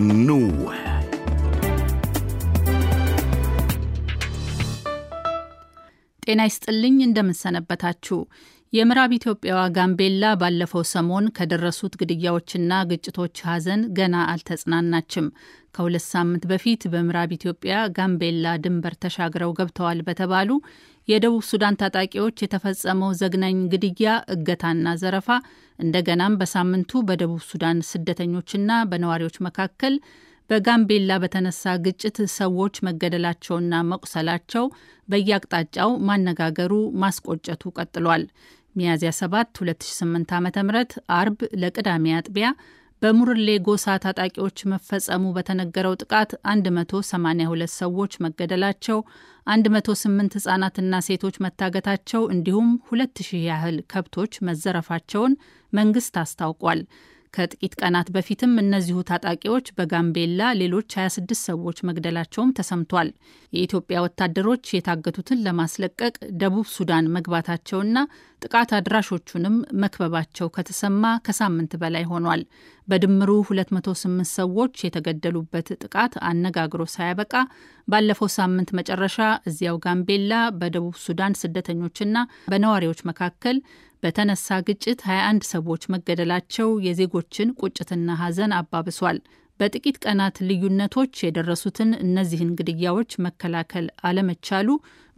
nå. ጤና ይስጥልኝ። እንደምንሰነበታችሁ የምዕራብ ኢትዮጵያዋ ጋምቤላ ባለፈው ሰሞን ከደረሱት ግድያዎችና ግጭቶች ሀዘን ገና አልተጽናናችም። ከሁለት ሳምንት በፊት በምዕራብ ኢትዮጵያ ጋምቤላ ድንበር ተሻግረው ገብተዋል በተባሉ የደቡብ ሱዳን ታጣቂዎች የተፈጸመው ዘግናኝ ግድያ፣ እገታና ዘረፋ እንደገናም በሳምንቱ በደቡብ ሱዳን ስደተኞችና በነዋሪዎች መካከል በጋምቤላ በተነሳ ግጭት ሰዎች መገደላቸውና መቁሰላቸው በየአቅጣጫው ማነጋገሩ ማስቆጨቱ ቀጥሏል። ሚያዝያ 7 2008 ዓ ም አርብ ለቅዳሜ አጥቢያ በሙርሌ ጎሳ ታጣቂዎች መፈጸሙ በተነገረው ጥቃት 182 ሰዎች መገደላቸው፣ 108 ህጻናትና ሴቶች መታገታቸው እንዲሁም 2000 ያህል ከብቶች መዘረፋቸውን መንግስት አስታውቋል። ከጥቂት ቀናት በፊትም እነዚሁ ታጣቂዎች በጋምቤላ ሌሎች 26 ሰዎች መግደላቸውም ተሰምቷል። የኢትዮጵያ ወታደሮች የታገቱትን ለማስለቀቅ ደቡብ ሱዳን መግባታቸውና ጥቃት አድራሾቹንም መክበባቸው ከተሰማ ከሳምንት በላይ ሆኗል። በድምሩ 208 ሰዎች የተገደሉበት ጥቃት አነጋግሮ ሳያበቃ ባለፈው ሳምንት መጨረሻ እዚያው ጋምቤላ በደቡብ ሱዳን ስደተኞችና በነዋሪዎች መካከል በተነሳ ግጭት 21 ሰዎች መገደላቸው የዜጎችን ቁጭትና ሐዘን አባብሷል። በጥቂት ቀናት ልዩነቶች የደረሱትን እነዚህን ግድያዎች መከላከል አለመቻሉ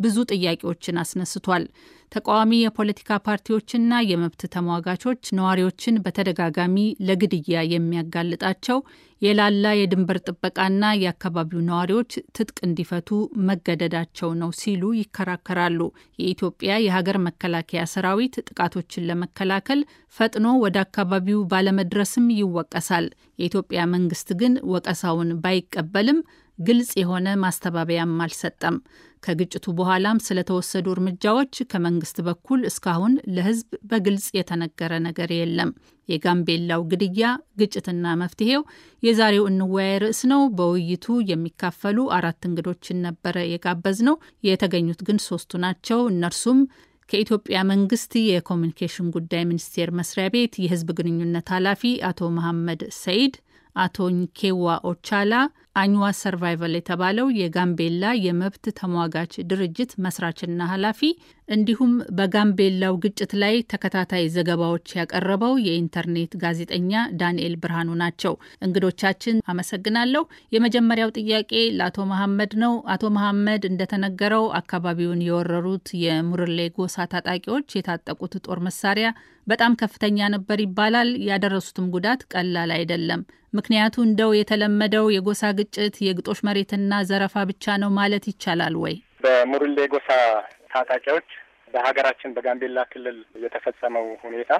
ብዙ ጥያቄዎችን አስነስቷል። ተቃዋሚ የፖለቲካ ፓርቲዎችና የመብት ተሟጋቾች ነዋሪዎችን በተደጋጋሚ ለግድያ የሚያጋልጣቸው የላላ የድንበር ጥበቃና የአካባቢው ነዋሪዎች ትጥቅ እንዲፈቱ መገደዳቸው ነው ሲሉ ይከራከራሉ። የኢትዮጵያ የሀገር መከላከያ ሰራዊት ጥቃቶችን ለመከላከል ፈጥኖ ወደ አካባቢው ባለመድረስም ይወቀሳል። የኢትዮጵያ መንግስት ግን ወቀሳውን ባይቀበልም ግልጽ የሆነ ማስተባበያም አልሰጠም። ከግጭቱ በኋላም ስለተወሰዱ እርምጃዎች ከመንግስት በኩል እስካሁን ለህዝብ በግልጽ የተነገረ ነገር የለም። የጋምቤላው ግድያ ግጭትና መፍትሄው የዛሬው እንወያይ ርዕስ ነው። በውይይቱ የሚካፈሉ አራት እንግዶችን ነበረ የጋበዝ ነው። የተገኙት ግን ሶስቱ ናቸው። እነርሱም ከኢትዮጵያ መንግስት የኮሚኒኬሽን ጉዳይ ሚኒስቴር መስሪያ ቤት የህዝብ ግንኙነት ኃላፊ አቶ መሐመድ ሰይድ፣ አቶ ኒኬዋ ኦቻላ አኝዋ ሰርቫይቫል የተባለው የጋምቤላ የመብት ተሟጋች ድርጅት መስራችና ኃላፊ እንዲሁም በጋምቤላው ግጭት ላይ ተከታታይ ዘገባዎች ያቀረበው የኢንተርኔት ጋዜጠኛ ዳንኤል ብርሃኑ ናቸው። እንግዶቻችን አመሰግናለሁ። የመጀመሪያው ጥያቄ ለአቶ መሐመድ ነው። አቶ መሐመድ እንደተነገረው አካባቢውን የወረሩት የሙርሌ ጎሳ ታጣቂዎች የታጠቁት ጦር መሳሪያ በጣም ከፍተኛ ነበር ይባላል። ያደረሱትም ጉዳት ቀላል አይደለም። ምክንያቱ እንደው የተለመደው የጎሳ ግጭት፣ የግጦሽ መሬትና ዘረፋ ብቻ ነው ማለት ይቻላል ወይ? በሙሩሌ ጎሳ ታጣቂዎች በሀገራችን በጋምቤላ ክልል የተፈጸመው ሁኔታ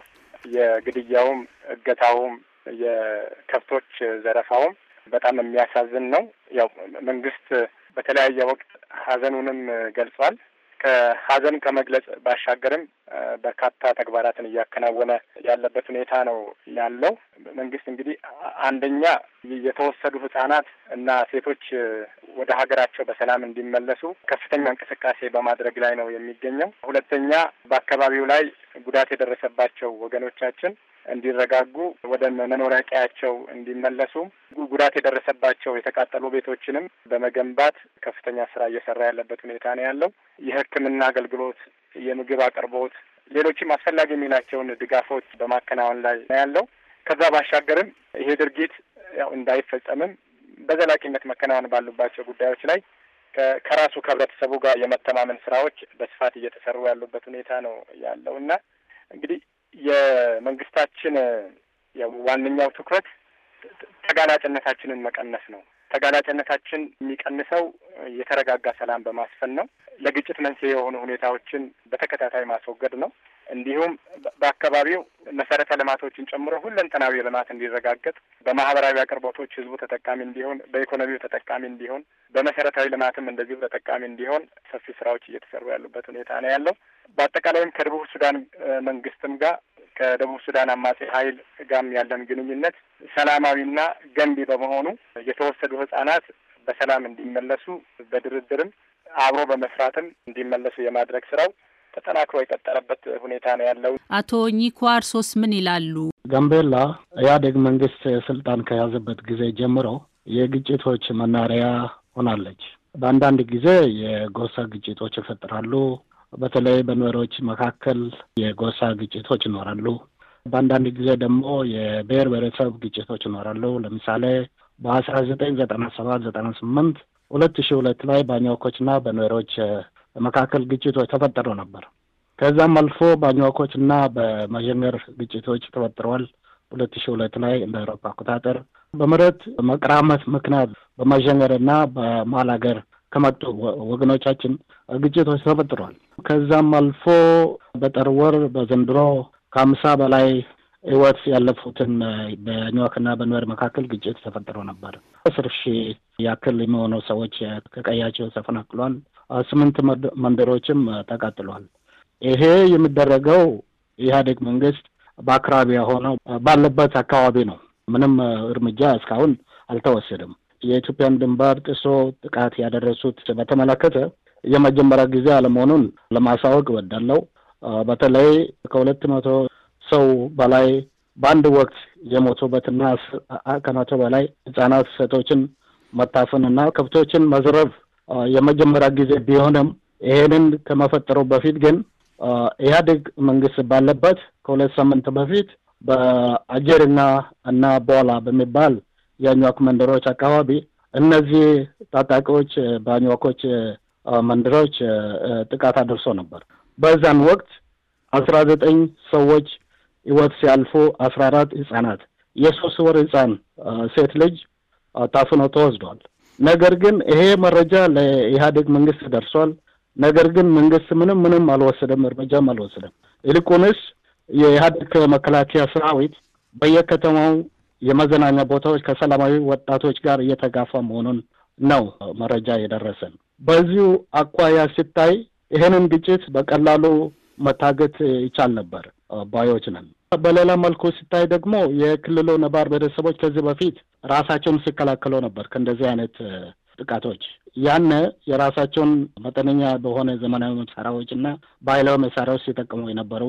የግድያውም፣ እገታውም፣ የከብቶች ዘረፋውም በጣም የሚያሳዝን ነው። ያው መንግስት በተለያየ ወቅት ሀዘኑንም ገልጿል። ከሀዘን ከመግለጽ ባሻገርም በርካታ ተግባራትን እያከናወነ ያለበት ሁኔታ ነው ያለው። መንግስት እንግዲህ አንደኛ የተወሰዱ ህጻናት እና ሴቶች ወደ ሀገራቸው በሰላም እንዲመለሱ ከፍተኛ እንቅስቃሴ በማድረግ ላይ ነው የሚገኘው። ሁለተኛ በአካባቢው ላይ ጉዳት የደረሰባቸው ወገኖቻችን እንዲረጋጉ ወደ መኖሪያ ቀያቸው እንዲመለሱ ጉዳት የደረሰባቸው የተቃጠሉ ቤቶችንም በመገንባት ከፍተኛ ስራ እየሰራ ያለበት ሁኔታ ነው ያለው። የሕክምና አገልግሎት የምግብ አቅርቦት፣ ሌሎችም አስፈላጊ የሚላቸውን ድጋፎች በማከናወን ላይ ነው ያለው። ከዛ ባሻገርም ይሄ ድርጊት ያው እንዳይፈጸምም በዘላቂነት መከናወን ባሉባቸው ጉዳዮች ላይ ከራሱ ከህብረተሰቡ ጋር የመተማመን ስራዎች በስፋት እየተሰሩ ያሉበት ሁኔታ ነው ያለው እና እንግዲህ የመንግስታችን ዋነኛው ትኩረት ተጋላጭነታችንን መቀነስ ነው። ተጋላጭነታችን የሚቀንሰው የተረጋጋ ሰላም በማስፈን ነው። ለግጭት መንስኤ የሆኑ ሁኔታዎችን በተከታታይ ማስወገድ ነው። እንዲሁም በአካባቢው መሰረተ ልማቶችን ጨምሮ ሁለንተናዊ ልማት እንዲረጋገጥ፣ በማህበራዊ አቅርቦቶች ህዝቡ ተጠቃሚ እንዲሆን፣ በኢኮኖሚው ተጠቃሚ እንዲሆን፣ በመሰረታዊ ልማትም እንደዚሁ ተጠቃሚ እንዲሆን ሰፊ ስራዎች እየተሰሩ ያሉበት ሁኔታ ነው ያለው። በአጠቃላይም ከደቡብ ሱዳን መንግስትም ጋር ከደቡብ ሱዳን አማጺ ኃይል ጋም ያለን ግንኙነት ሰላማዊና ገንቢ በመሆኑ የተወሰዱ ህጻናት በሰላም እንዲመለሱ በድርድርም አብሮ በመስራትም እንዲመለሱ የማድረግ ስራው ተጠናክሮ የቀጠለበት ሁኔታ ነው ያለው። አቶ ኒኮ ሶስት ምን ይላሉ? ጋምቤላ ኢህአዴግ መንግስት ስልጣን ከያዘበት ጊዜ ጀምሮ የግጭቶች መናሪያ ሆናለች። በአንዳንድ ጊዜ የጎሳ ግጭቶች ይፈጥራሉ በተለይ በመሪዎች መካከል የጎሳ ግጭቶች ይኖራሉ። በአንዳንድ ጊዜ ደግሞ የብሔር ብሔረሰብ ግጭቶች ይኖራሉ። ለምሳሌ በአስራ ዘጠኝ ዘጠና ሰባት ዘጠና ስምንት ሁለት ሺ ሁለት ላይ ባኛኮችና በኑዌሮች መካከል ግጭቶች ተፈጠሩ ነበር። ከዛም አልፎ ባኛኮችና በመዠንገር ግጭቶች ተፈጥረዋል። ሁለት ሺ ሁለት ላይ እንደ አውሮፓ አቆጣጠር በመሬት መቀራመት ምክንያት በመዠንገርና በማል ሀገር ከመጡ ወገኖቻችን ግጭቶች ተፈጥረዋል። ከዛም አልፎ በጠር ወር በዘንድሮ ከአምሳ በላይ ህይወት ያለፉትን በኒውዮርክና በኒውዌር መካከል ግጭት ተፈጥሮ ነበር። አስር ሺህ ያክል የሚሆኑ ሰዎች ከቀያቸው ተፈናቅሏል። ስምንት መንደሮችም ተቃጥሏል። ይሄ የሚደረገው የኢህአዴግ መንግስት በአቅራቢያ ሆነው ባለበት አካባቢ ነው። ምንም እርምጃ እስካሁን አልተወሰደም። የኢትዮጵያን ድንበር ጥሶ ጥቃት ያደረሱት በተመለከተ የመጀመሪያ ጊዜ አለመሆኑን ለማሳወቅ እወዳለሁ። በተለይ ከሁለት መቶ ሰው በላይ በአንድ ወቅት የሞቱበትና ከናቸው በላይ ህጻናት፣ ሴቶችን መታፈን እና ከብቶችን መዝረፍ የመጀመሪያ ጊዜ ቢሆንም ይሄንን ከመፈጠሩ በፊት ግን ኢህአዴግ መንግስት ባለበት ከሁለት ሳምንት በፊት በአጀርና እና ቦላ በሚባል የአኟክ መንደሮች አካባቢ እነዚህ ታጣቂዎች በአኟኮች መንደሮች ጥቃት አድርሶ ነበር። በዛን ወቅት አስራ ዘጠኝ ሰዎች ህይወት ሲያልፉ አስራ አራት ህጻናት የሶስት ወር ህጻን ሴት ልጅ ታፍኖ ተወስዷል። ነገር ግን ይሄ መረጃ ለኢህአዴግ መንግስት ደርሷል። ነገር ግን መንግስት ምንም ምንም አልወሰደም፣ እርምጃም አልወሰደም። ይልቁንስ የኢህአዴግ መከላከያ ሰራዊት በየከተማው የመዘናኛ ቦታዎች ከሰላማዊ ወጣቶች ጋር እየተጋፋ መሆኑን ነው መረጃ የደረሰን። በዚሁ አኳያ ሲታይ ይህንን ግጭት በቀላሉ መታገት ይቻል ነበር ባዮች ነን። በሌላ መልኩ ሲታይ ደግሞ የክልሉ ነባር ቤተሰቦች ከዚህ በፊት ራሳቸውን ሲከላከሉ ነበር ከእንደዚህ አይነት ጥቃቶች። ያነ የራሳቸውን መጠነኛ በሆነ ዘመናዊ መሳሪያዎች እና ባህላዊ መሳሪያዎች ሲጠቀሙ የነበሩ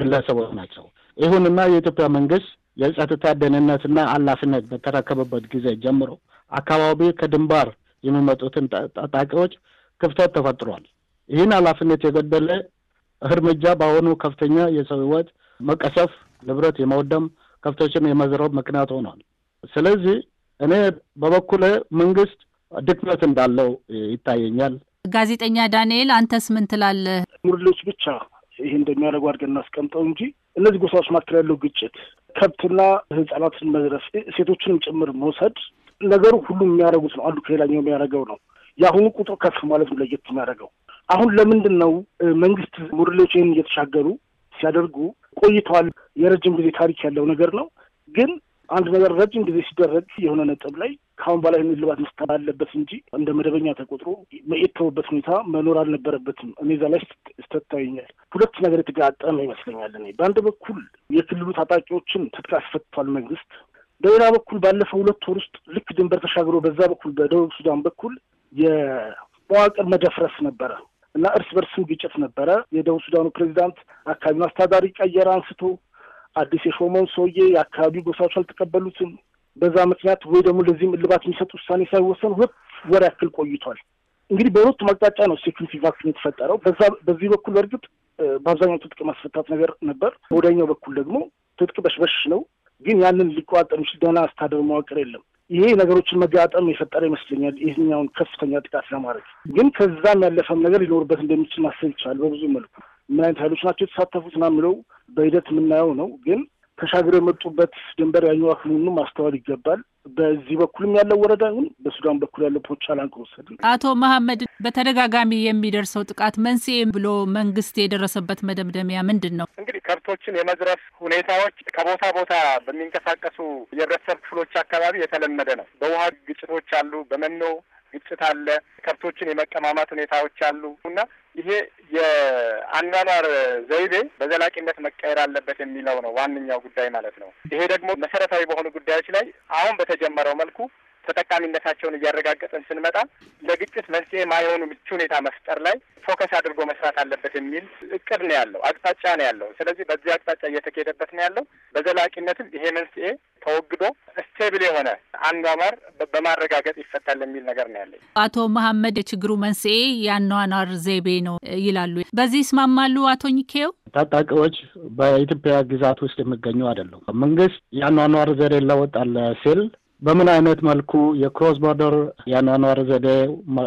ግለሰቦች ናቸው። ይሁንና የኢትዮጵያ መንግስት የጸጥታ ደህንነትና ኃላፊነት በተረከበበት ጊዜ ጀምሮ አካባቢ ከድንባር የሚመጡትን ታጣቂዎች ክፍተት ተፈጥሯል። ይህን ኃላፊነት የጎደለ እርምጃ በአሁኑ ከፍተኛ የሰው ህይወት መቀሰፍ፣ ንብረት የመወደም ከብቶችን የመዝረብ ምክንያት ሆኗል። ስለዚህ እኔ በበኩል መንግስት ድክመት እንዳለው ይታየኛል። ጋዜጠኛ ዳንኤል አንተስ ምን ትላለህ? ሙርሌዎች ብቻ ይህ እንደሚያደርጉ አድርገን እናስቀምጠው እንጂ እነዚህ ጎሳዎች መካከል ያለው ግጭት ከብትና ህጻናትን መዝረፍ፣ ሴቶችንም ጭምር መውሰድ ነገሩ ሁሉም የሚያደርጉት ነው። አንዱ ከሌላኛው የሚያደርገው ነው። የአሁኑ ቁጥሩ ከፍ ማለት ነው ለየት የሚያደርገው። አሁን ለምንድን ነው መንግስት ይህን እየተሻገሩ ሲያደርጉ ቆይተዋል። የረጅም ጊዜ ታሪክ ያለው ነገር ነው። ግን አንድ ነገር ረጅም ጊዜ ሲደረግ የሆነ ነጥብ ላይ ከአሁን በላይ እልባት መስጠት አለበት እንጂ እንደ መደበኛ ተቆጥሮ የተወበት ሁኔታ መኖር አልነበረበትም። እኔ እዛ ላይ ስተታይኛል ሁለት ነገር የተጋጠመ ይመስለኛል። እኔ በአንድ በኩል የክልሉ ታጣቂዎችን ትጥቅ አስፈትቷል መንግስት። በሌላ በኩል ባለፈው ሁለት ወር ውስጥ ልክ ድንበር ተሻግሮ በዛ በኩል በደቡብ ሱዳን በኩል የመዋቅር መደፍረስ ነበረ። እና እርስ በርስም ግጭት ነበረ። የደቡብ ሱዳኑ ፕሬዚዳንት አካባቢውን አስተዳዳሪ ቀየረ አንስቶ አዲስ የሾመውን ሰውዬ የአካባቢው ጎሳዎች አልተቀበሉትም። በዛ ምክንያት ወይ ደግሞ ለዚህም እልባት የሚሰጥ ውሳኔ ሳይወሰን ሁለት ወር ያክል ቆይቷል። እንግዲህ በሁለቱ አቅጣጫ ነው ሴኩሪቲ ቫክሲን የተፈጠረው። በዛ በዚህ በኩል በእርግጥ በአብዛኛው ትጥቅ ማስፈታት ነገር ነበር። በወዳኛው በኩል ደግሞ ትጥቅ በሽበሽ ነው። ግን ያንን ሊቆጣጠር የሚችል ደህና አስተዳደር መዋቅር የለም። ይሄ ነገሮችን መጋጠም የፈጠረ ይመስለኛል። ይህኛውን ከፍተኛ ጥቃት ለማድረግ ግን ከዛም ያለፈም ነገር ሊኖርበት እንደሚችል ማሰብ ይቻላል። በብዙ መልኩ ምን አይነት ሀይሎች ናቸው የተሳተፉት ምናምን በሂደት የምናየው ነው ግን ተሻግረው የመጡበት ድንበር ያኛዋክ መሆኑን ማስተዋል ይገባል። በዚህ በኩልም ያለው ወረዳ ይሁን በሱዳን በኩል ያለው ፖቻላን ከወሰድ አቶ መሐመድ በተደጋጋሚ የሚደርሰው ጥቃት መንስኤ ብሎ መንግስት የደረሰበት መደምደሚያ ምንድን ነው? እንግዲህ ከብቶችን የመዝረፍ ሁኔታዎች ከቦታ ቦታ በሚንቀሳቀሱ የህብረተሰብ ክፍሎች አካባቢ የተለመደ ነው። በውሃ ግጭቶች አሉ፣ በመኖ ግጭት አለ፣ ከብቶችን የመቀማማት ሁኔታዎች አሉ እና ይሄ የአኗኗር ዘይቤ በዘላቂነት መቀየር አለበት የሚለው ነው ዋነኛው ጉዳይ ማለት ነው። ይሄ ደግሞ መሰረታዊ በሆኑ ጉዳዮች ላይ አሁን በተጀመረው መልኩ ተጠቃሚነታቸውን እያረጋገጠን ስንመጣ ለግጭት መንስኤ ማይሆኑ ምቹ ሁኔታ መፍጠር ላይ ፎከስ አድርጎ መስራት አለበት የሚል እቅድ ነው ያለው፣ አቅጣጫ ነው ያለው። ስለዚህ በዚህ አቅጣጫ እየተካሄደበት ነው ያለው። በዘላቂነትም ይሄ መንስኤ ተወግዶ ስቴብል የሆነ አኗኗር በማረጋገጥ ይፈታል የሚል ነገር ነው ያለኝ። አቶ መሀመድ የችግሩ መንስኤ የአኗኗር ዘይቤ ነው ይላሉ። በዚህ ይስማማሉ? አቶ ኒኬው ታጣቂዎች በኢትዮጵያ ግዛት ውስጥ የሚገኙ አይደሉም። መንግስት የአኗኗር ዘዴ ለወጣለ ሲል በምን አይነት መልኩ የክሮስ ቦርደር የአኗኗር ዘዴ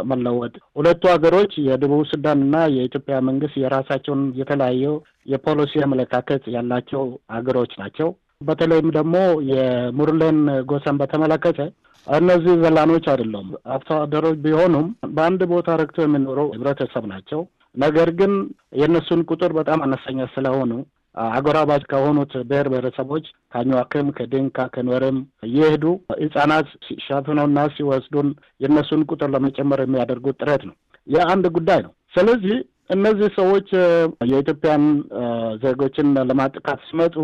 መለወጥ ሁለቱ ሀገሮች የደቡብ ሱዳንና የኢትዮጵያ መንግስት የራሳቸውን የተለያየው የፖሊሲ አመለካከት ያላቸው ሀገሮች ናቸው። በተለይም ደግሞ የሙርሌን ጎሳን በተመለከተ እነዚህ ዘላኖች አይደለም አርሶ አደሮች ቢሆኑም በአንድ ቦታ ረግቶ የሚኖረው ህብረተሰብ ናቸው። ነገር ግን የእነሱን ቁጥር በጣም አነስተኛ ስለሆኑ አጎራባች ከሆኑት ብሔር ብሔረሰቦች ካኝዋክም፣ ከዲንካ፣ ከንወርም እየሄዱ ህጻናት ሲሸፍኑና ሲወስዱን የእነሱን ቁጥር ለመጨመር የሚያደርጉት ጥረት ነው። የአንድ ጉዳይ ነው። ስለዚህ እነዚህ ሰዎች የኢትዮጵያን ዜጎችን ለማጥቃት ሲመጡ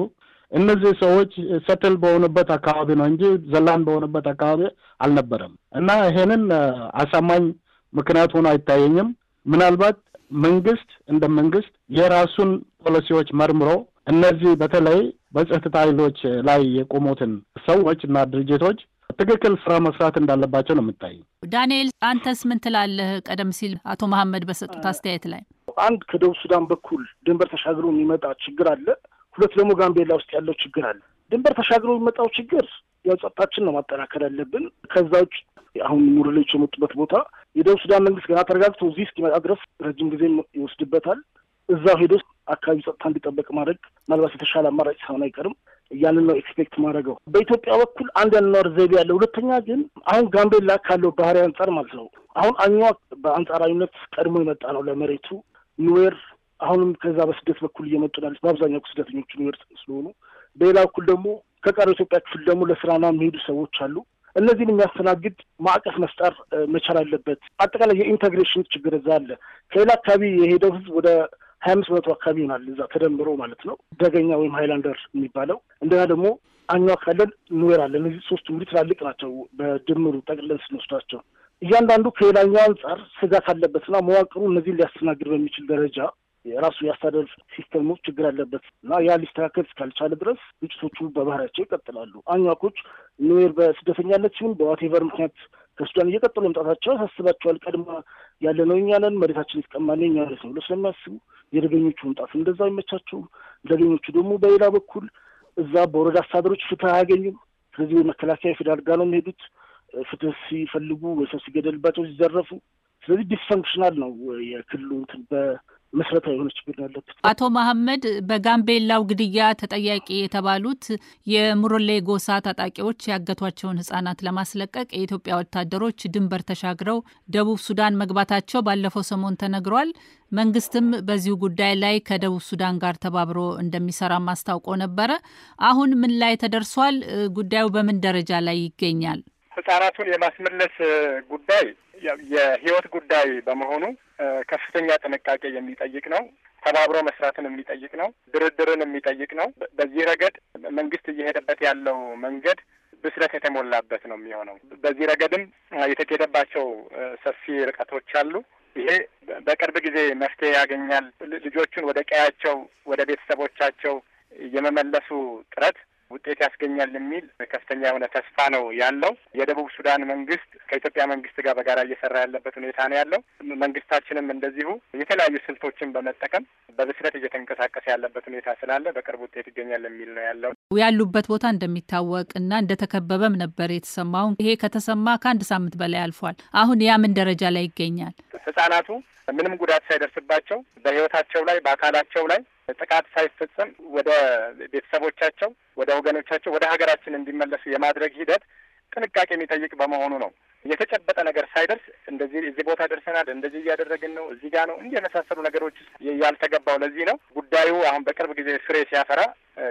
እነዚህ ሰዎች ሰትል በሆኑበት አካባቢ ነው እንጂ ዘላን በሆኑበት አካባቢ አልነበረም እና ይሄንን አሳማኝ ምክንያት ሆኖ አይታየኝም። ምናልባት መንግስት እንደ መንግስት የራሱን ፖሊሲዎች መርምሮ እነዚህ በተለይ በጸጥታ ኃይሎች ላይ የቆሙትን ሰዎች እና ድርጅቶች ትክክል ስራ መስራት እንዳለባቸው ነው የምታይ። ዳንኤል አንተስ ምን ትላለህ? ቀደም ሲል አቶ መሀመድ በሰጡት አስተያየት ላይ አንድ ከደቡብ ሱዳን በኩል ድንበር ተሻግሮ የሚመጣ ችግር አለ። ሁለት ደግሞ ጋምቤላ ውስጥ ያለው ችግር አለ። ድንበር ተሻግሮ የሚመጣው ችግር ያው ጸጥታችን ነው ማጠናከር ያለብን። ከዛ ውጭ አሁን ሙርሌች የመጡበት ቦታ የደቡብ ሱዳን መንግስት ገና ተረጋግቶ እዚህ እስኪመጣ ድረስ ረጅም ጊዜ ይወስድበታል። እዛው ሄዶ አካባቢ ጸጥታ እንዲጠበቅ ማድረግ ምናልባት የተሻለ አማራጭ ሳይሆን አይቀርም። ያንን ነው ኤክስፔክት ማድረገው። በኢትዮጵያ በኩል አንድ ያኗኗር ዘይቤ ያለ፣ ሁለተኛ ግን አሁን ጋምቤላ ካለው ባህሪ አንጻር ማለት ነው። አሁን አኛ በአንጻራዊነት ቀድሞ የመጣ ነው ለመሬቱ ኒዌር አሁንም ከዛ በስደት በኩል እየመጡ ያሉት በአብዛኛው ስደተኞቹ ኒዌር ስለሆኑ፣ በሌላ በኩል ደግሞ ከቀሩ ኢትዮጵያ ክፍል ደግሞ ለስራና የሚሄዱ ሰዎች አሉ። እነዚህን የሚያስተናግድ ማዕቀፍ መፍጠር መቻል አለበት። አጠቃላይ የኢንተግሬሽን ችግር እዛ አለ። ከሌላ አካባቢ የሄደው ህዝብ ወደ ሀያ አምስት በመቶ አካባቢ ይሆናል እዛ ተደምሮ ማለት ነው። ደገኛ ወይም ሀይላንደር የሚባለው እንደና ደግሞ አኛ አለን፣ ኑዌር እነዚህ ሶስቱ እንግዲህ ትላልቅ ናቸው። በድምሩ ጠቅለን ስንወስዷቸው እያንዳንዱ ከሌላኛው አንጻር ስጋት አለበትና መዋቅሩ እነዚህን ሊያስተናግድ በሚችል ደረጃ የራሱ የአስተዳደር ሲስተሙ ችግር አለበት እና ያ ሊስተካከል እስካልቻለ ድረስ ግጭቶቹ በባህሪያቸው ይቀጥላሉ። አኟኮች ኑዌር በስደተኛነት ሲሆን በዋቴቨር ምክንያት ከሱዳን እየቀጠሉ መምጣታቸው ያሳስባቸዋል። ቀድማ ያለነው እኛ ነን፣ መሬታችን የተቀማን እኛ ነን ብሎ ስለሚያስቡ የደገኞቹ መምጣት እንደዛ አይመቻቸውም። ደገኞቹ ደግሞ በሌላ በኩል እዛ በወረዳ አስተዳደሮች ፍትህ አያገኙም። ስለዚህ መከላከያ የፌዴራል ጋር ነው የሚሄዱት። ፍትህ ሲፈልጉ ወይ ሰው ሲገደልባቸው ሲዘረፉ፣ ስለዚህ ዲስፈንክሽናል ነው የክልሉ መሰረታዊ የሆነ ችግር ያለበት። አቶ መሀመድ በጋምቤላው ግድያ ተጠያቂ የተባሉት የሙሮሌ ጎሳ ታጣቂዎች ያገቷቸውን ህጻናት ለማስለቀቅ የኢትዮጵያ ወታደሮች ድንበር ተሻግረው ደቡብ ሱዳን መግባታቸው ባለፈው ሰሞን ተነግሯል። መንግስትም በዚሁ ጉዳይ ላይ ከደቡብ ሱዳን ጋር ተባብሮ እንደሚሰራ ማስታውቆ ነበረ። አሁን ምን ላይ ተደርሷል? ጉዳዩ በምን ደረጃ ላይ ይገኛል? ህጻናቱን የማስመለስ ጉዳይ የህይወት ጉዳይ በመሆኑ ከፍተኛ ጥንቃቄ የሚጠይቅ ነው። ተባብሮ መስራትን የሚጠይቅ ነው። ድርድርን የሚጠይቅ ነው። በዚህ ረገድ መንግስት እየሄደበት ያለው መንገድ ብስለት የተሞላበት ነው የሚሆነው። በዚህ ረገድም የተኬደባቸው ሰፊ ርቀቶች አሉ። ይሄ በቅርብ ጊዜ መፍትሄ ያገኛል። ልጆቹን ወደ ቀያቸው፣ ወደ ቤተሰቦቻቸው የመመለሱ ጥረት ውጤት ያስገኛል የሚል ከፍተኛ የሆነ ተስፋ ነው ያለው። የደቡብ ሱዳን መንግስት ከኢትዮጵያ መንግስት ጋር በጋራ እየሰራ ያለበት ሁኔታ ነው ያለው። መንግስታችንም እንደዚሁ የተለያዩ ስልቶችን በመጠቀም በብስለት እየተንቀሳቀሰ ያለበት ሁኔታ ስላለ በቅርብ ውጤት ይገኛል የሚል ነው ያለው። ያሉበት ቦታ እንደሚታወቅ እና እንደተከበበም ነበር የተሰማውን። ይሄ ከተሰማ ከአንድ ሳምንት በላይ አልፏል። አሁን ያ ምን ደረጃ ላይ ይገኛል? ህጻናቱ ምንም ጉዳት ሳይደርስባቸው በህይወታቸው ላይ በአካላቸው ላይ ጥቃት ሳይፈጸም ወደ ቤተሰቦቻቸው፣ ወደ ወገኖቻቸው፣ ወደ ሀገራችን እንዲመለሱ የማድረግ ሂደት ጥንቃቄ የሚጠይቅ በመሆኑ ነው የተጨበጠ ነገር ሳይደርስ እንደዚህ እዚህ ቦታ ደርሰናል፣ እንደዚህ እያደረግን ነው፣ እዚህ ጋር ነው፣ እንዲህ የመሳሰሉ ነገሮች ያልተገባው። ለዚህ ነው ጉዳዩ አሁን በቅርብ ጊዜ ፍሬ ሲያፈራ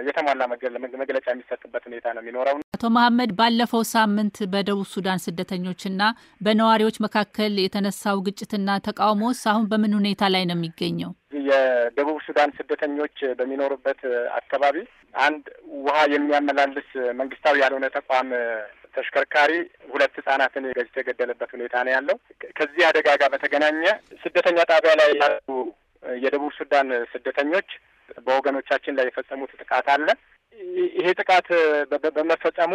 የተሟላ መግለጫ የሚሰጥበት ሁኔታ ነው የሚኖረው። አቶ መሀመድ ባለፈው ሳምንት በደቡብ ሱዳን ስደተኞችና በነዋሪዎች መካከል የተነሳው ግጭትና ተቃውሞስ አሁን በምን ሁኔታ ላይ ነው የሚገኘው? የደቡብ ሱዳን ስደተኞች በሚኖሩበት አካባቢ አንድ ውሃ የሚያመላልስ መንግስታዊ ያልሆነ ተቋም ተሽከርካሪ ሁለት ህጻናትን ገጭቶ የገደለበት ሁኔታ ነው ያለው። ከዚህ አደጋ ጋር በተገናኘ ስደተኛ ጣቢያ ላይ ያሉ የደቡብ ሱዳን ስደተኞች በወገኖቻችን ላይ የፈጸሙት ጥቃት አለ። ይሄ ጥቃት በመፈጸሙ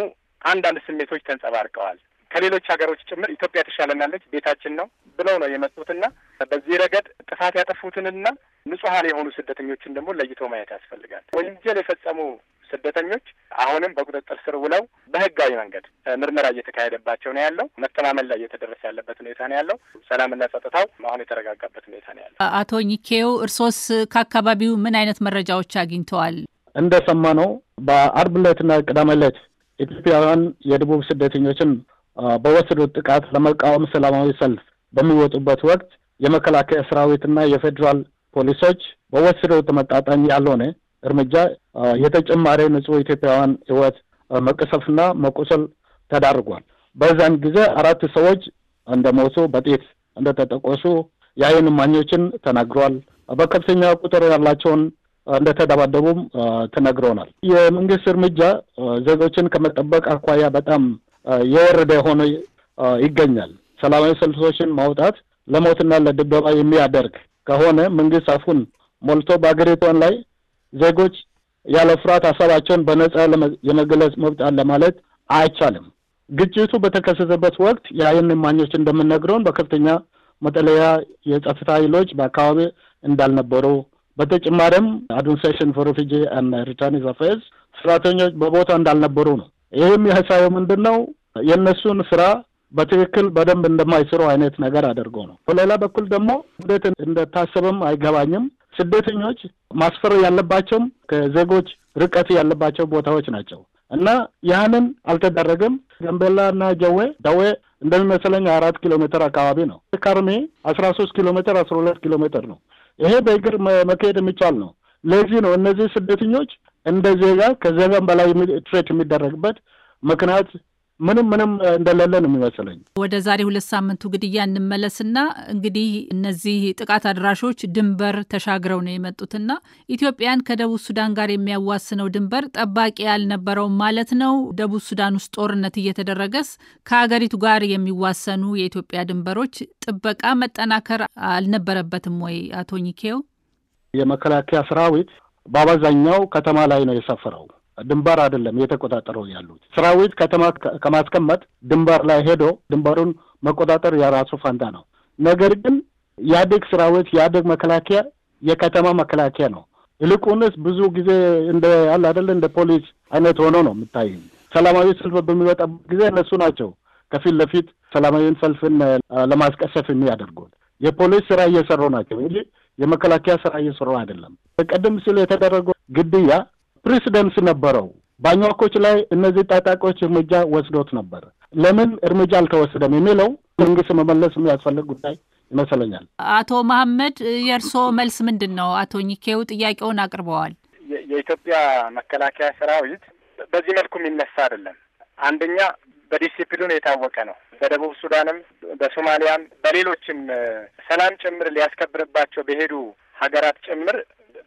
አንዳንድ ስሜቶች ተንጸባርቀዋል። ከሌሎች ሀገሮች ጭምር ኢትዮጵያ ተሻለናለች ቤታችን ነው ብለው ነው የመጡትና በዚህ ረገድ ጥፋት ያጠፉትንና ንጹሀን የሆኑ ስደተኞችን ደግሞ ለይቶ ማየት ያስፈልጋል። ወንጀል የፈጸሙ ስደተኞች አሁንም በቁጥጥር ስር ውለው በህጋዊ መንገድ ምርመራ እየተካሄደባቸው ነው ያለው። መተማመን ላይ እየተደረሰ ያለበት ሁኔታ ነው ያለው። ሰላምና ጸጥታው አሁን የተረጋጋበት ሁኔታ ነው ያለው። አቶ ኒኬው እርሶስ ከአካባቢው ምን አይነት መረጃዎች አግኝተዋል? እንደሰማ ነው በአርብ ዕለትና ቅዳሜ ዕለት ኢትዮጵያውያን የደቡብ ስደተኞችን በወሰዱት ጥቃት ለመቃወም ሰላማዊ ሰልፍ በሚወጡበት ወቅት የመከላከያ ሰራዊትና የፌዴራል ፖሊሶች በወሰደው ተመጣጣኝ ያልሆነ እርምጃ የተጨማሪ ንጹህ ኢትዮጵያውያን ህይወት መቀሰፍና መቁሰል ተዳርጓል። በዛን ጊዜ አራት ሰዎች እንደሞቱ በጤት እንደተጠቆሱ የአይን እማኞችን ተናግሯል። በከፍተኛ ቁጥር ያላቸውን እንደተደባደቡም ተነግረውናል። የመንግስት እርምጃ ዜጎችን ከመጠበቅ አኳያ በጣም የወረደ ሆኖ ይገኛል። ሰላማዊ ሰልፎችን ማውጣት ለሞትና ለድብደባ የሚያደርግ ከሆነ መንግስት አፉን ሞልቶ በአገሪቷን ላይ ዜጎች ያለ ፍርሃት ሀሳባቸውን በነጻ የመግለጽ መብት አለ ማለት አይቻልም። ግጭቱ በተከሰተበት ወቅት የአይን እማኞች እንደምነግረውን በከፍተኛ መጠለያ የጸጥታ ኃይሎች በአካባቢ እንዳልነበሩ፣ በተጨማሪም አድሚኒስትሬሽን ፎር ሪፊጂ ኤንድ ሪተርኒዝ አፌርስ ሰራተኞች በቦታ እንዳልነበሩ ነው። ይህም የህሳዩ ምንድን ነው የእነሱን ስራ በትክክል በደንብ እንደማይስሩ አይነት ነገር አድርገው ነው። በሌላ በኩል ደግሞ እንዴት እንደታሰበም አይገባኝም። ስደተኞች ማስፈር ያለባቸውም ከዜጎች ርቀት ያለባቸው ቦታዎች ናቸው እና ያህንን አልተደረገም። ገንበላ እና ጀዌ ዳዌ እንደሚመስለኝ አራት ኪሎ ሜትር አካባቢ ነው። ከርሜ አስራ ሶስት ኪሎ ሜትር አስራ ሁለት ኪሎ ሜትር ነው። ይሄ በእግር መካሄድ የሚቻል ነው። ለዚህ ነው እነዚህ ስደተኞች እንደ ዜጋ ከዜጋም በላይ ትሬት የሚደረግበት ምክንያት ምንም ምንም እንደሌለ ነው የሚመስለኝ። ወደ ዛሬ ሁለት ሳምንቱ ግድያ እንመለስና እንግዲህ እነዚህ ጥቃት አድራሾች ድንበር ተሻግረው ነው የመጡትና ኢትዮጵያን ከደቡብ ሱዳን ጋር የሚያዋስነው ድንበር ጠባቂ ያልነበረው ማለት ነው። ደቡብ ሱዳን ውስጥ ጦርነት እየተደረገስ ከሀገሪቱ ጋር የሚዋሰኑ የኢትዮጵያ ድንበሮች ጥበቃ መጠናከር አልነበረበትም ወይ? አቶ ኒኬው የመከላከያ ሰራዊት በአብዛኛው ከተማ ላይ ነው የሰፈረው። ድንበር አይደለም እየተቆጣጠረው ያሉት ሰራዊት ከተማ ከማስቀመጥ ድንበር ላይ ሄዶ ድንበሩን መቆጣጠር የራሱ ፋንታ ነው። ነገር ግን የአደግ ሰራዊት የአደግ መከላከያ የከተማ መከላከያ ነው። ይልቁንስ ብዙ ጊዜ እንደ አለ አይደለ እንደ ፖሊስ አይነት ሆኖ ነው የምታይ። ሰላማዊ ሰልፍ በሚወጣበት ጊዜ እነሱ ናቸው ከፊት ለፊት ሰላማዊን ሰልፍን ለማስቀሰፍ የሚያደርጉት። የፖሊስ ስራ እየሰሩ ናቸው እንጂ የመከላከያ ስራ እየሰሩ አይደለም። ቀደም ሲል የተደረገው ግድያ ፕሬሲደንስ ነበረው። ባኞኮች ላይ እነዚህ ታጣቂዎች እርምጃ ወስዶት ነበር። ለምን እርምጃ አልተወሰደም የሚለው መንግስት መመለስ የሚያስፈልግ ጉዳይ ይመስለኛል። አቶ መሐመድ የእርስዎ መልስ ምንድን ነው? አቶ ኒኬው ጥያቄውን አቅርበዋል። የኢትዮጵያ መከላከያ ሰራዊት በዚህ መልኩ የሚነሳ አይደለም። አንደኛ በዲሲፕሊን የታወቀ ነው። በደቡብ ሱዳንም በሶማሊያም በሌሎችም ሰላም ጭምር ሊያስከብርባቸው በሄዱ ሀገራት ጭምር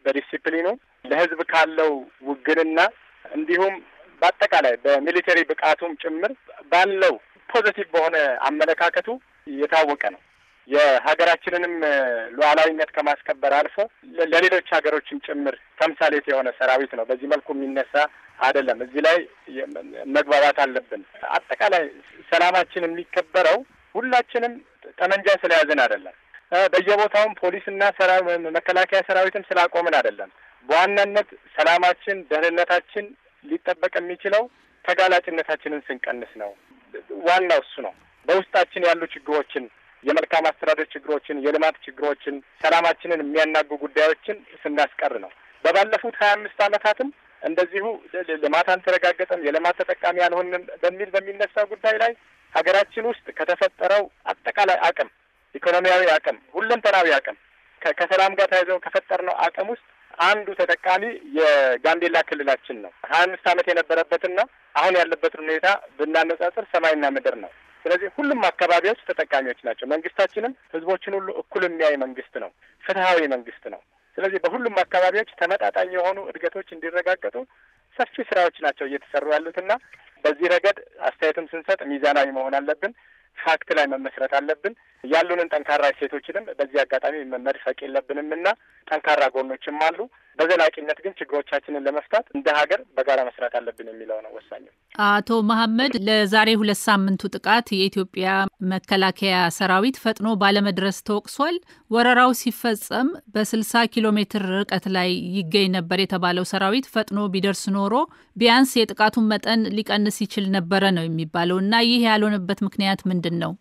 በዲሲፕሊኑ ለህዝብ ካለው ውግንና እንዲሁም በአጠቃላይ በሚሊተሪ ብቃቱም ጭምር ባለው ፖዘቲቭ በሆነ አመለካከቱ የታወቀ ነው። የሀገራችንንም ሉዓላዊነት ከማስከበር አልፎ ለሌሎች ሀገሮችም ጭምር ተምሳሌት የሆነ ሰራዊት ነው። በዚህ መልኩ የሚነሳ አይደለም። እዚህ ላይ መግባባት አለብን። አጠቃላይ ሰላማችን የሚከበረው ሁላችንም ጠመንጃ ስለያዝን አይደለም። በየቦታውም ፖሊስና መከላከያ ሰራዊትም ስላቆምን አይደለም። በዋናነት ሰላማችን፣ ደህንነታችን ሊጠበቅ የሚችለው ተጋላጭነታችንን ስንቀንስ ነው። ዋናው እሱ ነው። በውስጣችን ያሉ ችግሮችን፣ የመልካም አስተዳደር ችግሮችን፣ የልማት ችግሮችን፣ ሰላማችንን የሚያናጉ ጉዳዮችን ስናስቀር ነው። በባለፉት ሀያ አምስት አመታትም እንደዚሁ ልማት አልተረጋገጠም፣ የልማት ተጠቃሚ አልሆንም በሚል በሚነሳ ጉዳይ ላይ ሀገራችን ውስጥ ከተፈጠረው አጠቃላይ አቅም ኢኮኖሚያዊ አቅም፣ ሁለንተናዊ አቅም ከሰላም ጋር ተያይዘው ከፈጠርነው አቅም ውስጥ አንዱ ተጠቃሚ የጋምቤላ ክልላችን ነው። ሀያ አምስት ዓመት የነበረበትና አሁን ያለበትን ሁኔታ ብናነጻጽር ሰማይና ምድር ነው። ስለዚህ ሁሉም አካባቢዎች ተጠቃሚዎች ናቸው። መንግስታችንም ህዝቦችን ሁሉ እኩል የሚያይ መንግስት ነው፣ ፍትሀዊ መንግስት ነው። ስለዚህ በሁሉም አካባቢዎች ተመጣጣኝ የሆኑ እድገቶች እንዲረጋገጡ ሰፊ ስራዎች ናቸው እየተሰሩ ያሉትና በዚህ ረገድ አስተያየትም ስንሰጥ ሚዛናዊ መሆን አለብን። ፋክት ላይ መመስረት አለብን። ያሉንን ጠንካራ እሴቶችንም በዚህ አጋጣሚ መድፈቅ የለብንም እና ጠንካራ ጎኖችም አሉ። በዘላቂነት ግን ችግሮቻችንን ለመፍታት እንደ ሀገር በጋራ መስራት አለብን የሚለው ነው ወሳኝ። አቶ መሀመድ፣ ለዛሬ ሁለት ሳምንቱ ጥቃት የኢትዮጵያ መከላከያ ሰራዊት ፈጥኖ ባለመድረስ ተወቅሷል። ወረራው ሲፈጸም በስልሳ ኪሎ ሜትር ርቀት ላይ ይገኝ ነበር የተባለው ሰራዊት ፈጥኖ ቢደርስ ኖሮ ቢያንስ የጥቃቱን መጠን ሊቀንስ ይችል ነበረ ነው የሚባለው እና ይህ ያልሆነበት ምክንያት ምንድን ነው?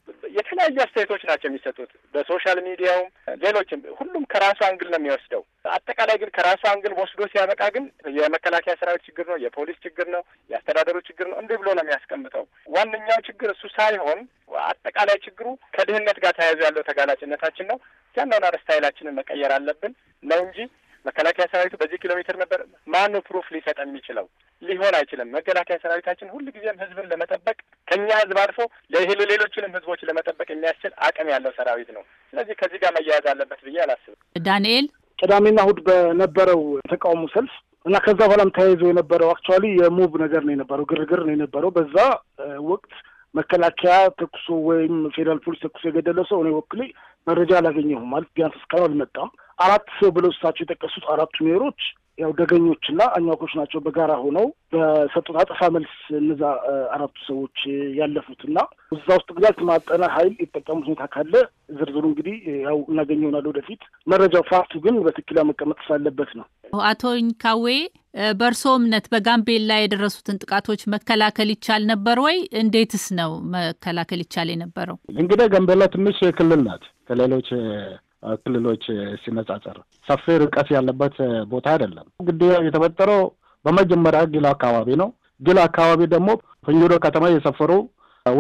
የተለያዩ አስተያየቶች ናቸው የሚሰጡት በሶሻል ሚዲያውም ሌሎችም። ሁሉም ከራሱ አንግል ነው የሚወስደው። አጠቃላይ ግን ከራሱ አንግል ወስዶ ሲያበቃ ግን የመከላከያ ሰራዊት ችግር ነው፣ የፖሊስ ችግር ነው፣ የአስተዳደሩ ችግር ነው እንዲህ ብሎ ነው የሚያስቀምጠው። ዋነኛው ችግር እሱ ሳይሆን አጠቃላይ ችግሩ ከድህነት ጋር ተያይዞ ያለው ተጋላጭነታችን ነው። ያንዳንዱ ስታይላችንን መቀየር አለብን ነው እንጂ መከላከያ ሰራዊቱ በዚህ ኪሎ ሜትር ነበር ማኑ ፕሩፍ ሊሰጠን የሚችለው ሊሆን አይችልም። መከላከያ ሰራዊታችን ሁልጊዜም ህዝብን ለመጠበቅ ከእኛ ህዝብ አልፎ ሌሎችንም ህዝቦች ለመጠበቅ የሚያስችል አቅም ያለው ሰራዊት ነው። ስለዚህ ከዚህ ጋር መያያዝ አለበት ብዬ አላስብም። ዳንኤል ቅዳሜና እሁድ በነበረው ተቃውሞ ሰልፍ እና ከዛ በኋላም ተያይዞ የነበረው አክቹዋሊ የሞብ ነገር ነው የነበረው፣ ግርግር ነው የነበረው። በዛ ወቅት መከላከያ ተኩሶ ወይም ፌዴራል ፖሊስ ተኩሶ የገደለው ሰው እኔ ወክሌ መረጃ አላገኘሁም ማለት ቢያንስ እስካሁን አልመጣም። አራት ሰው ብለው እሳቸው የጠቀሱት አራቱ ሜሮች ያው ደገኞች ደገኞችና አኟኮች ናቸው። በጋራ ሆነው በሰጡት አጸፋ መልስ እነዛ አራቱ ሰዎች ያለፉት እና እዛ ውስጥ ግዛት ማጠና ኃይል የጠቀሙት ሁኔታ ካለ ዝርዝሩ እንግዲህ ያው እናገኘው ይሆናል ወደፊት። መረጃው ፋክቱ ግን በትክክል መቀመጥ ስላለበት ነው። አቶ ኝካዌ በእርሶ እምነት በጋምቤላ የደረሱትን ጥቃቶች መከላከል ይቻል ነበር ወይ? እንዴትስ ነው መከላከል ይቻል የነበረው? እንግዲህ ጋምቤላ ትንሽ ክልል ናት ከሌሎች ክልሎች ሲነጻጸር ሰፊ ርቀት ያለበት ቦታ አይደለም። ግድያው የተፈጠረው በመጀመሪያ ግል አካባቢ ነው። ግል አካባቢ ደግሞ ፍኝዶ ከተማ የሰፈሩ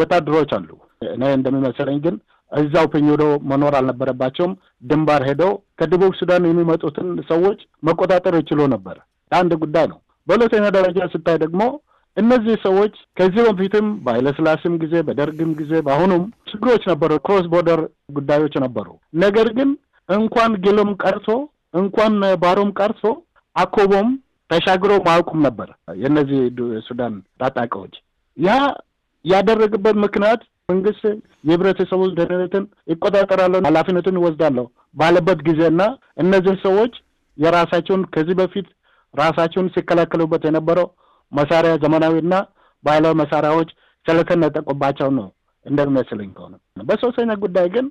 ወታደሮች አሉ። እኔ እንደሚመስለኝ ግን እዛው ፍኝዶ መኖር አልነበረባቸውም። ድንባር ሄደው ከደቡብ ሱዳን የሚመጡትን ሰዎች መቆጣጠር ይችሉ ነበር። አንድ ጉዳይ ነው። በሁለተኛ ደረጃ ስታይ ደግሞ እነዚህ ሰዎች ከዚህ በፊትም በኃይለስላሴም ጊዜ በደርግም ጊዜ በአሁኑም ችግሮች ነበሩ፣ ክሮስ ቦርደር ጉዳዮች ነበሩ። ነገር ግን እንኳን ጌሎም ቀርቶ እንኳን ባሮም ቀርቶ አኮቦም ተሻግሮ ማያውቁም ነበር የእነዚህ ሱዳን ታጣቂዎች። ያ ያደረግበት ምክንያት መንግስት የህብረተሰቡ ደህንነትን ይቆጣጠራለሁ፣ ኃላፊነትን ይወስዳለሁ ባለበት ጊዜና እነዚህ ሰዎች የራሳቸውን ከዚህ በፊት ራሳቸውን ሲከላከሉበት የነበረው መሳሪያ ዘመናዊና ባህላዊ መሳሪያዎች ስለተነጠቁባቸው ነው እንደሚመስለኝ ከሆነ። በሶስተኛ ጉዳይ ግን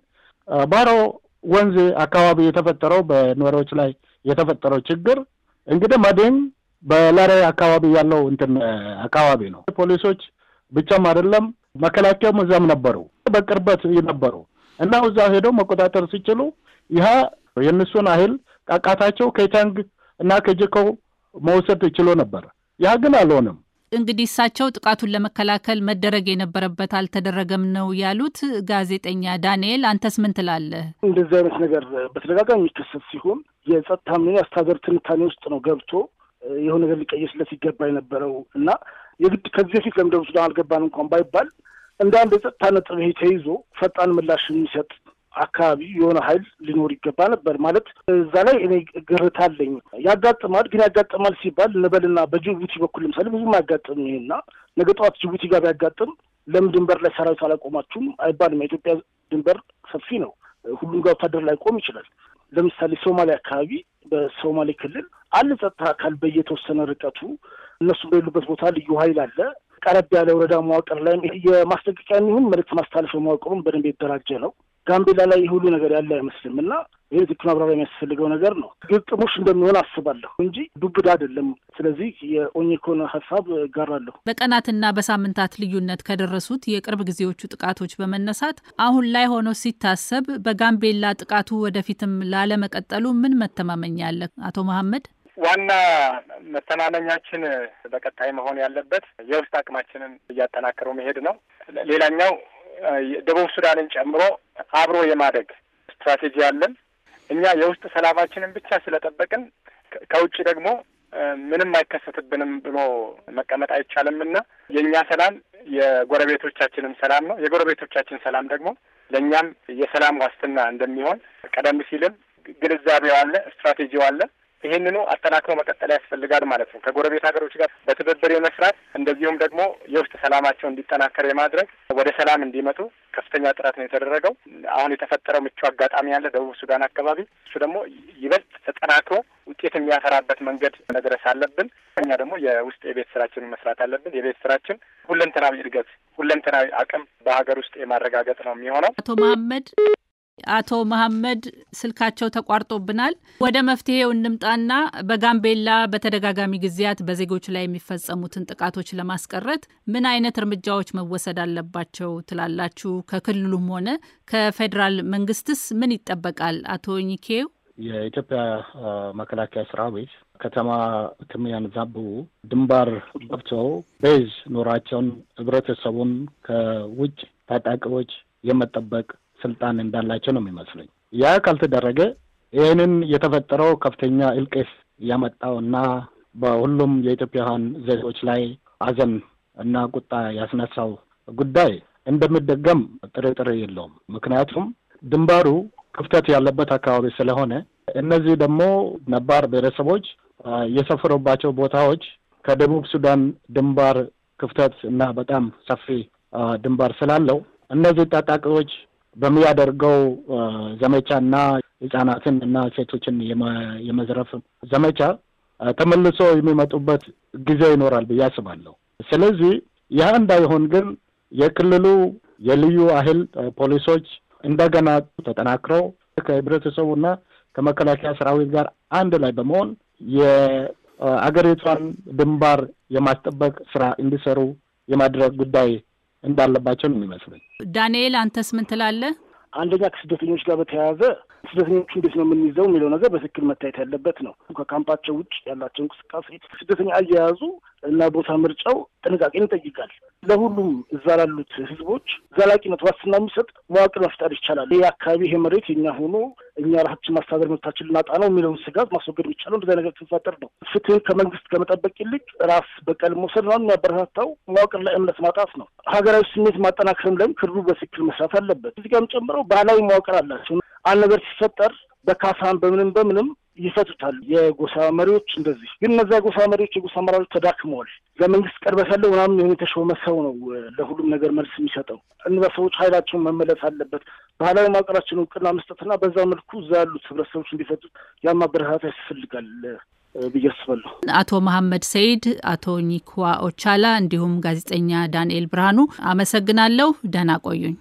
ባሮ ወንዝ አካባቢ የተፈጠረው በኖሪዎች ላይ የተፈጠረው ችግር እንግዲህ መድን በላሬ አካባቢ ያለው እንትን አካባቢ ነው። ፖሊሶች ብቻም አይደለም መከላከያም እዛም ነበሩ፣ በቅርበት ነበሩ እና እዛ ሄደው መቆጣጠር ሲችሉ ይህ የእነሱን ኃይል ቃቃታቸው ከቻንግ እና ከጀኮ መውሰድ ችሎ ነበር። ያ ግን አልሆነም። እንግዲህ እሳቸው ጥቃቱን ለመከላከል መደረግ የነበረበት አልተደረገም ነው ያሉት። ጋዜጠኛ ዳንኤል አንተስ ምን ትላለህ? እንደዚህ አይነት ነገር በተደጋጋሚ የሚከሰት ሲሆን የጸጥታ ምን አስተዳደር ትንታኔ ውስጥ ነው ገብቶ የሆነ ነገር ሊቀየስለት ይገባ የነበረው እና የግድ ከዚህ በፊት ለምን ደቡብ ሱዳን አልገባን እንኳን ባይባል እንደ አንድ የጸጥታ ነጥብ ተይዞ ፈጣን ምላሽ የሚሰጥ አካባቢ የሆነ ኃይል ሊኖር ይገባ ነበር ማለት እዛ ላይ እኔ ግርታ አለኝ። ያጋጥማል፣ ግን ያጋጥማል ሲባል እንበልና በጅቡቲ በኩል ለምሳሌ ብዙም አያጋጥም ይሄና ነገ ጠዋት ጅቡቲ ጋር ቢያጋጥም ለምን ድንበር ላይ ሰራዊት አላቆማችሁም አይባልም። የኢትዮጵያ ድንበር ሰፊ ነው። ሁሉም ጋር ወታደር ላይ ቆም ይችላል። ለምሳሌ ሶማሌ አካባቢ በሶማሌ ክልል አለ ጸጥታ አካል በየተወሰነ ርቀቱ እነሱ በሌሉበት ቦታ ልዩ ሀይል አለ። ቀረብ ያለ ወረዳ መዋቅር ላይ የማስጠንቀቂያ የሚሆን መልእክት ማስተላለፊያ መዋቅሩን በደንብ የተደራጀ ነው። ጋምቤላ ላይ ሁሉ ነገር ያለ አይመስልም እና ይህ ትክክል ማብራሪያ የሚያስፈልገው ነገር ነው። ግጥሞሽ እንደሚሆን አስባለሁ እንጂ ዱብዳ አይደለም። ስለዚህ የኦኔኮን ሀሳብ እጋራለሁ። በቀናትና በሳምንታት ልዩነት ከደረሱት የቅርብ ጊዜዎቹ ጥቃቶች በመነሳት አሁን ላይ ሆኖ ሲታሰብ በጋምቤላ ጥቃቱ ወደፊትም ላለመቀጠሉ ምን መተማመኛ አለ? አቶ መሀመድ፣ ዋና መተማመኛችን በቀጣይ መሆን ያለበት የውስጥ አቅማችንን እያጠናከረው መሄድ ነው። ሌላኛው ደቡብ ሱዳንን ጨምሮ አብሮ የማደግ ስትራቴጂ አለን። እኛ የውስጥ ሰላማችንን ብቻ ስለጠበቅን ከውጭ ደግሞ ምንም አይከሰትብንም ብሎ መቀመጥ አይቻልም እና የእኛ ሰላም የጎረቤቶቻችንም ሰላም ነው። የጎረቤቶቻችን ሰላም ደግሞ ለእኛም የሰላም ዋስትና እንደሚሆን ቀደም ሲልም ግንዛቤው አለ፣ ስትራቴጂው አለ። ይህንኑ አጠናክሮ መቀጠል ያስፈልጋል ማለት ነው። ከጎረቤት ሀገሮች ጋር በትብብር የመስራት እንደዚሁም ደግሞ የውስጥ ሰላማቸው እንዲጠናከር የማድረግ ወደ ሰላም እንዲመጡ ከፍተኛ ጥረት ነው የተደረገው። አሁን የተፈጠረው ምቹ አጋጣሚ ያለ ደቡብ ሱዳን አካባቢ እሱ ደግሞ ይበልጥ ተጠናክሮ ውጤት የሚያፈራበት መንገድ መድረስ አለብን። እኛ ደግሞ የውስጥ የቤት ስራችን መስራት አለብን። የቤት ስራችን ሁለንተናዊ እድገት፣ ሁለንተናዊ አቅም በሀገር ውስጥ የማረጋገጥ ነው የሚሆነው። አቶ መሀመድ አቶ መሐመድ ስልካቸው ተቋርጦብናል። ወደ መፍትሄው እንምጣና በጋምቤላ በተደጋጋሚ ጊዜያት በዜጎች ላይ የሚፈጸሙትን ጥቃቶች ለማስቀረት ምን አይነት እርምጃዎች መወሰድ አለባቸው ትላላችሁ? ከክልሉም ሆነ ከፌዴራል መንግስትስ ምን ይጠበቃል? አቶ ኒኬው የኢትዮጵያ መከላከያ ሰራዊት ከተማ ከሚያንዛቡ ድንባር ገብተው ቤዝ ኖራቸውን ህብረተሰቡን ከውጭ ታጣቂዎች የመጠበቅ ስልጣን እንዳላቸው ነው የሚመስለኝ። ያ ካልተደረገ ይህንን የተፈጠረው ከፍተኛ እልቅስ ያመጣው እና በሁሉም የኢትዮጵያውያን ዜጎች ላይ አዘን እና ቁጣ ያስነሳው ጉዳይ እንደሚደገም ጥርጥር የለውም። ምክንያቱም ድንበሩ ክፍተት ያለበት አካባቢ ስለሆነ እነዚህ ደግሞ ነባር ብሔረሰቦች የሰፈሩባቸው ቦታዎች ከደቡብ ሱዳን ድንበር ክፍተት እና በጣም ሰፊ ድንበር ስላለው እነዚህ ታጣቂዎች በሚያደርገው ዘመቻና ህጻናትን እና ሴቶችን የመዝረፍ ዘመቻ ተመልሶ የሚመጡበት ጊዜ ይኖራል ብዬ አስባለሁ። ስለዚህ ይህ እንዳይሆን ግን የክልሉ የልዩ ኃይል ፖሊሶች እንደገና ተጠናክረው ከህብረተሰቡና ከመከላከያ ሰራዊት ጋር አንድ ላይ በመሆን የአገሪቷን ድንባር የማስጠበቅ ስራ እንዲሰሩ የማድረግ ጉዳይ እንዳለባቸው ነው የሚመስለኝ። ዳንኤል አንተስ ምን ትላለህ? አንደኛ ከስደተኞች ጋር በተያያዘ ስደተኞቹ እንዴት ነው የምንይዘው የሚለው ነገር በትክክል መታየት ያለበት ነው። ከካምፓቸው ውጭ ያላቸው እንቅስቃሴ፣ ስደተኛ አያያዙ እና ቦታ ምርጫው ጥንቃቄን ይጠይቃል። ለሁሉም እዛ ላሉት ህዝቦች ዘላቂነት ዋስትና የሚሰጥ መዋቅር መፍጠር ይቻላል። ይህ አካባቢ ይሄ መሬት የኛ ሆኖ እኛ ራሳችን ማስተዳደር መብታችን ልናጣ ነው የሚለውን ስጋት ማስወገድ የሚቻለው እንደዚ ነገር ሲፈጠር ነው። ፍትህን ከመንግስት ከመጠበቅ ይልቅ ራስ በቀል መውሰድ ነው የሚያበረታታው መዋቅር ላይ እምነት ማጣት ነው። ሀገራዊ ስሜት ማጠናከርም ላይም ክርዱ በትክክል መስራት አለበት። እዚህ ጋርም ጨምረው ባህላዊ መዋቅር አላቸው አንድ ነገር ሲፈጠር በካሳን በምንም በምንም ይፈቱታል። የጎሳ መሪዎች እንደዚህ ግን እነዚያ የጎሳ መሪዎች የጎሳ መራሪዎች ተዳክመዋል። ለመንግስት ቅርበት ያለው ምናምን የሆነ የተሾመ ሰው ነው ለሁሉም ነገር መልስ የሚሰጠው። እነዛ ሰዎች ኃይላቸውን መመለስ አለበት። ባህላዊ ማቅራችን እውቅና መስጠትና በዛ መልኩ እዛ ያሉት ህብረተሰቦች እንዲፈቱ ያማ ማበረታታት ያስፈልጋል ብዬ አስባለሁ። አቶ መሐመድ ሰይድ፣ አቶ ኒኳ ኦቻላ እንዲሁም ጋዜጠኛ ዳንኤል ብርሃኑ አመሰግናለሁ። ደህና ቆዩኝ።